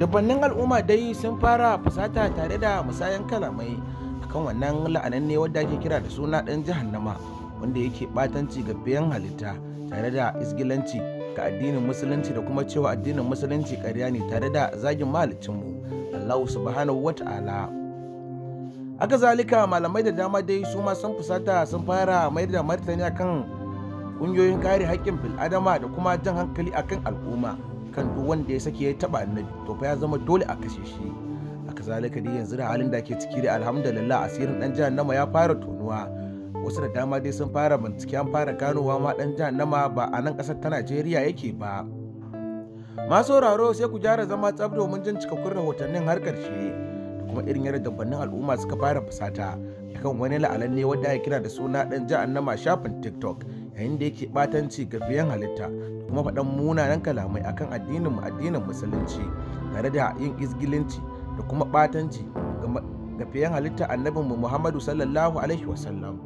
dubannin al'umma dai sun fara fusata tare da musayan kalamai akan wannan la'anan ne wadda ake kira da suna ɗan jahannama wanda yake ɓatanci ga biyan halitta tare da isgilanci ga addinin musulunci da kuma cewa addinin musulunci ƙarya ne tare da zagin mahalicinmu Allah subhanahu wa ta'ala aka zalika malamai da dama dai su ma sun fusata sun fara mai da martani akan ƙungiyoyin kare haƙƙin bil'adama da kuma jan hankali akan al'umma kan duk wanda ya sake ya taba annabi to fa ya zama dole a kashe shi A kazalika dai yanzu da halin da ke ciki da alhamdulillah asirin dan nama" ya fara tonuwa wasu da dama dai sun fara bincike an fara ganowa ma dan nama ba a nan kasar ta Najeriya yake ba masu sauraro sai ku gyara zama tsab domin jin cikakkun rahotannin har karshe da kuma irin yadda dabbannin al'umma suka fara fusata akan wani la'alan ne wanda ya kira da suna dan jahannama shafin TikTok yayin da yake batanci ga biyan halitta da kuma faɗan munanan kalamai akan addinin mu addinin musulunci tare da yin izgilinci da kuma batanci ga biyan halitta annabin mu Muhammadu sallallahu alaihi wasallam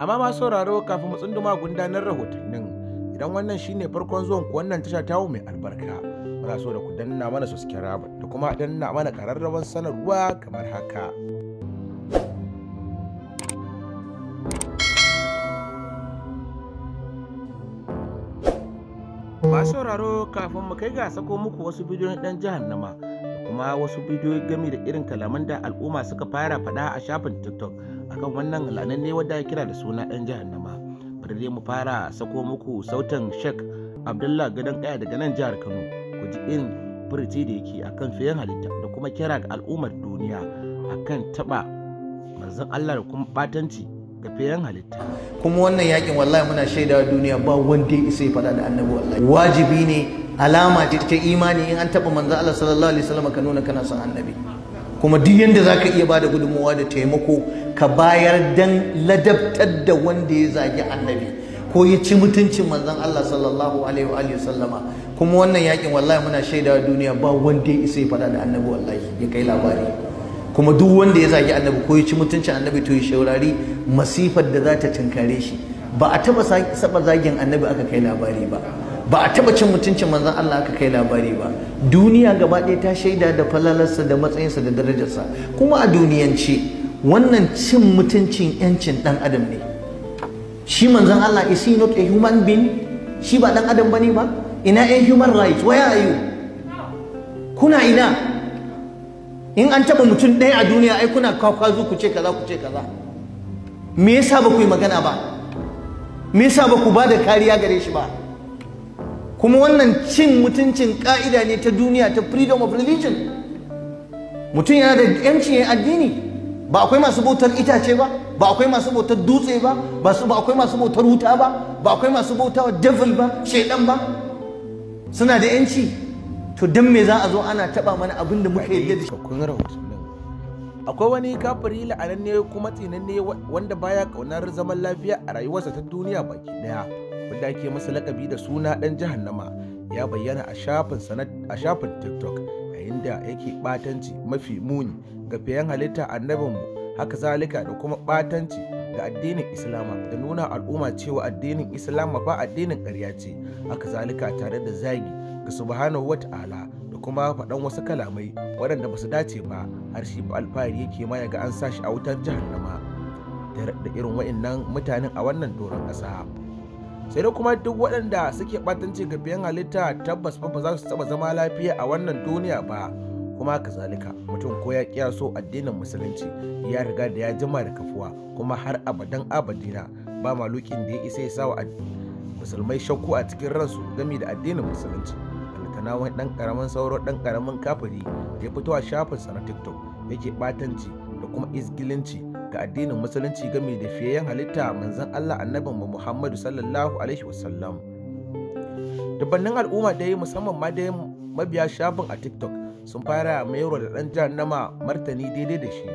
amma ma sauraro kafin mu tsunduma gundanar rahotannin idan wannan shine farkon zuwan ku wannan tasha tawo mai albarka muna so da ku danna mana subscribe da kuma danna mana kararrawan sanarwa kamar haka. masu sauraro kafin mu kai ga sako muku wasu bidiyon dan jahannama da kuma wasu bidiyoyi gami da irin kalaman da al'umma suka fara faɗa a shafin tiktok akan wannan lanan ne wadda kira da suna dan jahannama bari dai mu fara sako muku sautin shek abdullah gadon kaya daga nan jihar kano ku ji irin furci da yake akan fiyan halitta da kuma kira ga al'ummar duniya akan taba manzon allah da kuma batanci ga halitta kuma wannan yakin wallahi muna shaidawa duniya ba wanda ya isa ya faɗa da annabi wallahi wajibi ne alama ce ta imani in an taɓa manzo Allah sallallahu alaihi wasallam ka nuna kana son annabi kuma duk yanda zaka iya bada gudummawa da taimako ka bayar dan ladabtar da wanda ya zagi annabi ko ya ci mutuncin manzon Allah sallallahu alaihi wa sallama kuma wannan yakin wallahi muna shaidawa duniya ba wanda ya isa ya faɗa da annabi wallahi ya kai labari kuma duk wanda ya zagi annabi ko ya ci mutuncin annabi to ya shaurari masifar da za ta tunkare shi ba a taba saba zagin annabi aka kai labari ba ba a taba cin mutuncin manzon Allah aka kai labari ba duniya gaba ɗaya ta shaida da falalarsa da matsayinsa da darajarsa kuma a duniyance wannan cin mutuncin yancin dan adam ne shi manzon Allah is he not a human being shi ba dan adam bane ba ina a human rights where are kuna ina in an taba mutum ɗaya a duniya ai kuna kwakwazo ku ce kaza ku ce kaza me yasa ba ku yi magana ba me yasa ba ku ba da kariya gare shi ba kuma wannan cin mutuncin ka'ida ne ta duniya ta freedom of religion mutum yana da yancin yin addini ba akwai masu bautar itace ba ba akwai masu bautar dutse ba ba akwai masu bautar wuta ba ba akwai masu bautar devil ba shaidan ba suna da yanci to don me za a zo ana taba mana abin da muka yadda da nan akwai wani kafiri ne kuma ne wanda baya kaunar zaman lafiya a rayuwarsa ta duniya baki daya wanda ake masa lakabi da suna dan jahannama ya bayyana a shafin a shafin tiktok yayin da yake batanci mafi muni ga fiyan halitta annabinmu haka zalika da kuma batanci ga addinin islama da nuna al'umma cewa addinin islama ba addinin ƙarya ce haka zalika tare da zagi ga subhanahu wata'ala da kuma faɗan wasu kalamai waɗanda basu dace ba har shi alfahari yake ma ga an sashi a wutar jahannama da irin wa'innan mutanen a wannan doron ƙasa sai da kuma duk waɗanda suke ɓatanci ga biyan halitta tabbas fa ba za su taɓa zama lafiya a wannan duniya ba kuma kazalika mutum ko ya kiyaso addinin musulunci ya riga da ya jima da kafuwa kuma har abadan abadina ba malukin da ya isa ya sawa musulmai shakku a cikin ransu game da addinin musulunci ballantana wani dan karamin sauro dan karamin kafiri da ya fito a shafin sa na tiktok yake batanci da kuma izgilinci ga addinin musulunci game da fiyayen halitta manzon allah annabin mu muhammadu sallallahu alaihi wasallam dubannin al'umma dai musamman ma dai mabiya shafin a tiktok sun fara mayarwa da dan jahannama martani daidai da shi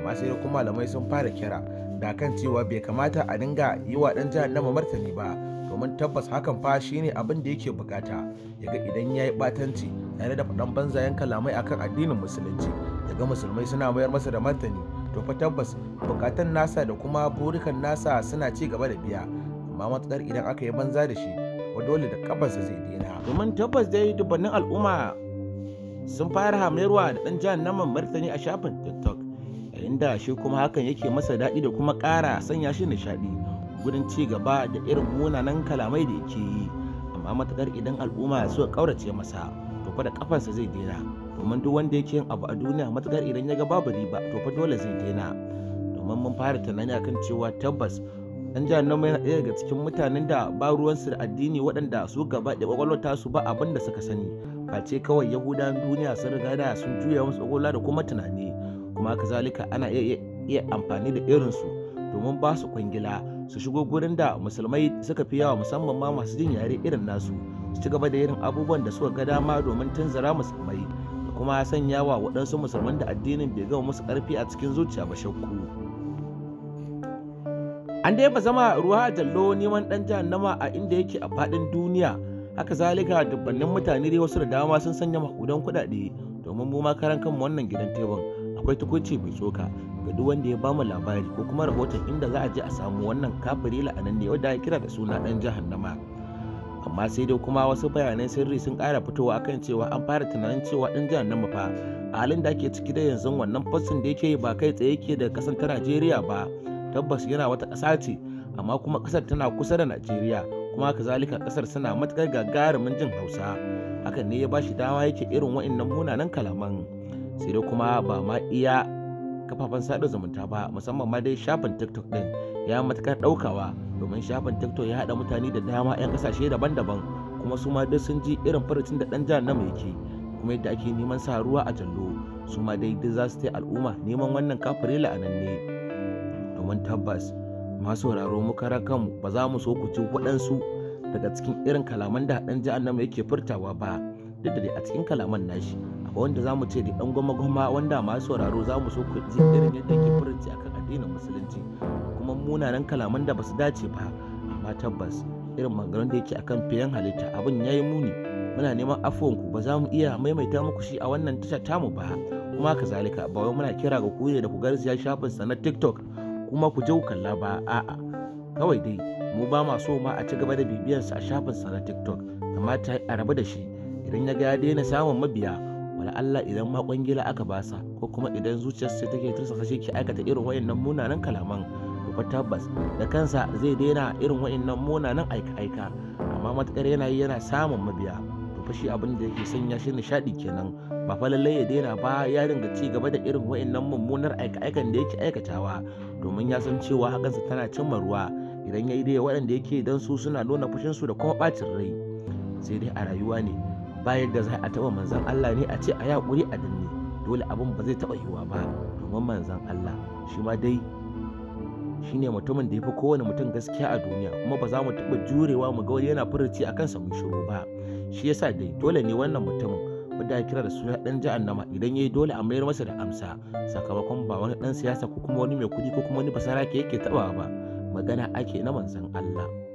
amma sai kuma malamai sun fara kira da kan cewa bai kamata a dinga yi wa dan jahannama martani ba domin tabbas hakan fa shi ne abin da yake bukata ya ga idan ya yi batanci tare da faɗan banzayen kalamai akan addinin musulunci ya musulmai suna mayar masa da martani to fa tabbas bukatan nasa da kuma burikan nasa suna ci gaba da biya amma matukar idan aka yi banza da shi wa dole da kafarsa zai daina domin tabbas dai dubbannin al'umma sun fara hamayarwa da ɗan jihar naman martani a shafin tiktok yayin da shi kuma hakan yake masa daɗi da kuma ƙara sanya shi nishaɗi gudun ci gaba da irin munanan kalamai da yake yi amma matakar idan al'umma suka kaurace masa to fa da kafarsa zai daina domin duk wanda yake yin abu a duniya matakar idan ya ga babu riba to fa dole zai daina domin mun fara tunani akan cewa tabbas dan jahannama yana daya daga cikin mutanen da ba ruwansu da addini waɗanda su gaba da kwakwalwata su ba abin da suka sani ba ce kawai yahudawan duniya sun riga da sun juya musu kwakwalwa da kuma tunani kuma kazalika ana iya amfani da irin su. domin ba su kwangila su shigo gurin da musulmai suka fi yawa musamman ma masu jin yare irin nasu su ci gaba da irin abubuwan da suka ga dama domin tunzara musulmai da kuma sanya wa waɗansu musulman da addinin bai gama musu ƙarfi a cikin zuciya ba shakku an dai ba zama ruwa a jallo neman ɗan jahannama a inda yake a faɗin duniya haka zalika dubbannin mutane dai wasu da dama sun sanya makudan kuɗaɗe domin mu ma karan kanmu wannan gidan tebur akwai tukunci mai tsoka ga duk wanda ya bamu labari ko kuma rahoton inda za a je a samu wannan kafiri la'ananne wanda ya kira da suna dan jahannama amma sai dai kuma wasu bayanan sirri sun ƙara fitowa akan cewa an fara tunanin cewa dan jahannama fa a halin da ake ciki da yanzu wannan fassin da yake ba kai tsaye yake daga kasar ta Najeriya ba tabbas yana wata ƙasa ce amma kuma ƙasar tana kusa da Najeriya kuma kazalika ƙasar suna matuƙar gagarumin jin Hausa hakan ne ya ba shi dama yake irin waɗannan munanan kalaman sai dai kuma ba ma iya kafafen sada zumunta ba musamman ma dai shafin tiktok din ya matukar daukawa domin shafin tiktok ya haɗa mutane da dama 'yan kasashe daban-daban kuma su ma duk sun ji irin furucin da dan jihar na yake kuma yadda ake neman sa ruwa a jallo su ma dai duk za su ta al'umma neman wannan nan ne. domin tabbas masu sauraro mu kanmu ba za mu so ku ci waɗansu daga cikin irin kalaman da dan jihar nan yake furtawa ba duk da dai a cikin kalaman nashi wanda za mu ce da ɗan gwama-gwama wanda masu sauraro za mu so ku ji irin yadda ke furanci akan addinin musulunci kuma munanan kalaman da ba su dace ba amma tabbas irin maganganun da yake akan fiyan halitta abin yayi muni muna neman afuwan ku ba za mu iya maimaita muku shi a wannan tasha tamu ba kuma kazalika ba wai muna kira ga ku ne da ku garzaya shafin sa na TikTok kuma ku je ku kalla ba a'a kawai dai mu ba ma so ma a ci gaba da bibiyansa a shafin sa na TikTok kamata a rabu da shi idan ya ga ya daina samun mabiya wani Allah idan ma kwangila aka basa ko kuma idan zuciyarsa sai take tursasa shi ki aikata irin wayannan munanan kalaman to tabbas da kansa zai daina irin wayannan munanan aika-aika amma matakar yana yi yana samun mabiya to fa shi abin da yake sanya shi nishadi kenan ba fa lallai ya daina ba ya dinga ci gaba da irin wayannan mummunar aika-aikan da yake aikatawa domin ya san cewa hakansa tana cimma ruwa idan ya yi dai waɗanda yake dan su suna nuna fushin su da kuma ɓacin rai sai dai a rayuwa ne bayar da za a taɓa manzan Allah ne a ce a yaƙuri a danne dole abin ba zai taɓa yiwuwa ba domin manzan Allah shi ma dai shi ne mutumin da ya fi kowane mutum gaskiya a duniya kuma ba za mu taɓa jurewa mu ga wani yana furuci a kansa mu shiru ba shi yasa dai dole ne wannan mutumin wanda ya kira da suna dan annama idan ya yi dole a mayar masa da amsa sakamakon ba wani dan siyasa ko kuma wani mai kuɗi ko kuma wani basara ke yake tabawa ba magana ake na manzan Allah